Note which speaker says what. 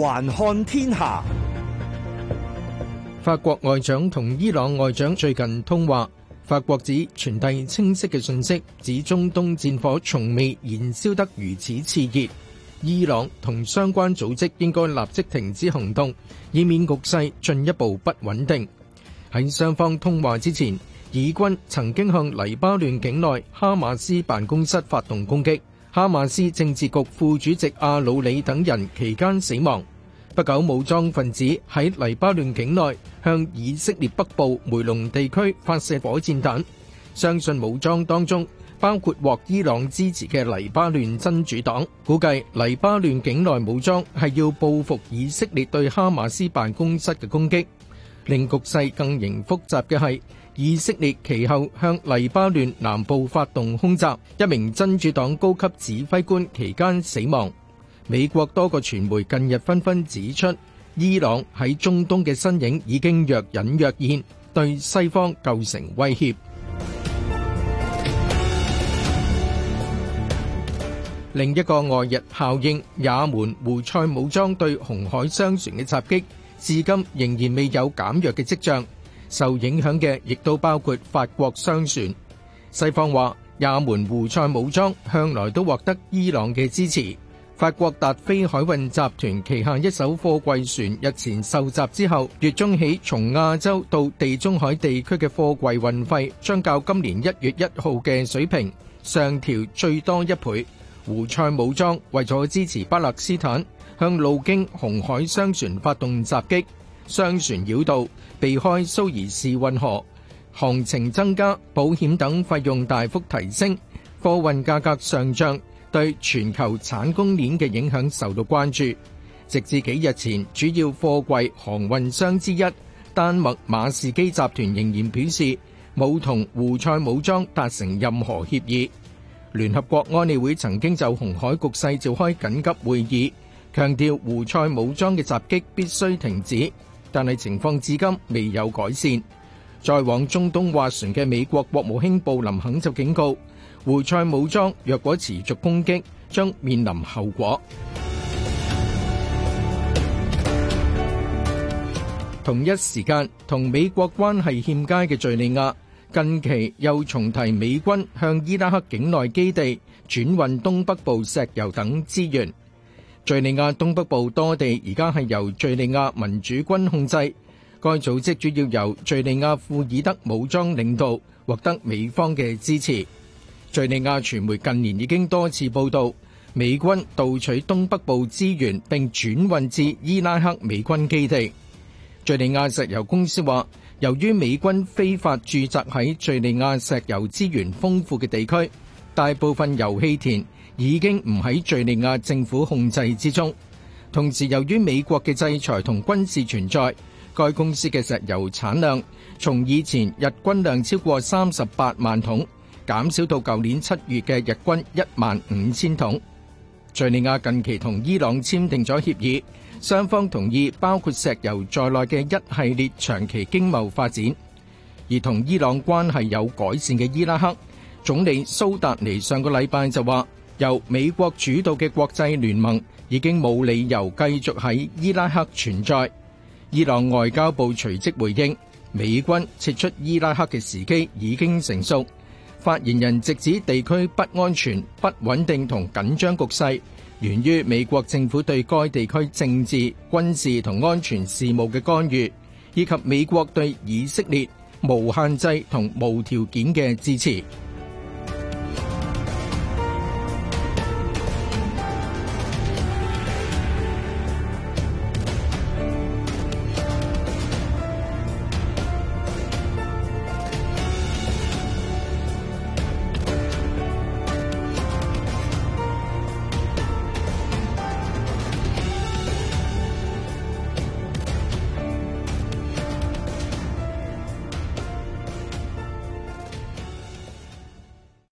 Speaker 1: 環看天下，法國外長同伊朗外長最近通話，法國指傳遞清晰嘅訊息，指中東戰火從未燃燒得如此熾熱，伊朗同相關組織應該立即停止行動，以免局勢進一步不穩定。喺雙方通話之前，以軍曾經向黎巴嫩境內哈馬斯辦公室發動攻擊。哈馬斯政治局副主席阿魯里等人期間死亡。不久，武裝分子喺黎巴嫩境內向以色列北部梅隆地區發射火箭彈。相信武裝當中包括獲伊朗支持嘅黎巴嫩真主黨。估計黎巴嫩境內武裝係要報復以色列對哈馬斯辦公室嘅攻擊。令局勢更形複雜嘅係以色列其後向黎巴嫩南部發動空襲，一名真主黨高級指揮官期間死亡。美國多個傳媒近日紛紛指出，伊朗喺中東嘅身影已經若隱若現，對西方構成威脅。另一個外日效應，也門胡塞武裝對紅海商船嘅襲擊至今仍然未有減弱嘅跡象，受影響嘅亦都包括法國商船。西方話，也門胡塞武裝向來都獲得伊朗嘅支持。法國達菲海運集團旗下一艘貨櫃船日前受襲之後，月中起從亞洲到地中海地區嘅貨櫃運費將較今年一月一號嘅水平上調最多一倍。胡塞武裝為咗支持巴勒斯坦，向路經紅海商船發動襲擊，商船繞道避開蘇伊士運河，航程增加，保險等費用大幅提升，貨運價格上漲，對全球產供鏈嘅影響受到關注。直至幾日前，主要貨櫃航運商之一丹麥馬士基集團仍然表示冇同胡塞武裝達成任何協議。聯合國安理會曾經就紅海局勢召開緊急會議。強調胡塞武裝嘅襲擊必須停止，但係情況至今未有改善。再往中東斡旋嘅美國國務卿布林肯就警告，胡塞武裝若果持續攻擊，將面臨後果。同一時間，同美國關係欠佳嘅敘利亞，近期又重提美軍向伊拉克境內基地轉運東北部石油等資源。敘利亞東北部多地而家係由敘利亞民主軍控制，該組織主要由敘利亞庫爾德武裝領導，獲得美方嘅支持。敘利亞傳媒近年已經多次報道，美軍盜取東北部資源並轉運至伊拉克美軍基地。敘利亞石油公司話，由於美軍非法駐紮喺敘利亞石油資源豐富嘅地區，大部分油氣田已經唔喺敘利亞政府控制之中。同時，由於美國嘅制裁同軍事存在，該公司嘅石油產量從以前日均量超過三十八萬桶，減少到舊年七月嘅日均一萬五千桶。敘利亞近期同伊朗簽訂咗協議，雙方同意包括石油在內嘅一系列長期經貿發展。而同伊朗關係有改善嘅伊拉克總理蘇達尼上個禮拜就話。由美國主導嘅國際聯盟已經冇理由繼續喺伊拉克存在。伊朗外交部隨即回應，美軍撤出伊拉克嘅時機已經成熟。發言人直指地區不安全、不穩定同緊張局勢源於美國政府對該地區政治、軍事同安全事務嘅干預，以及美國對以色列無限制同無條件嘅支持。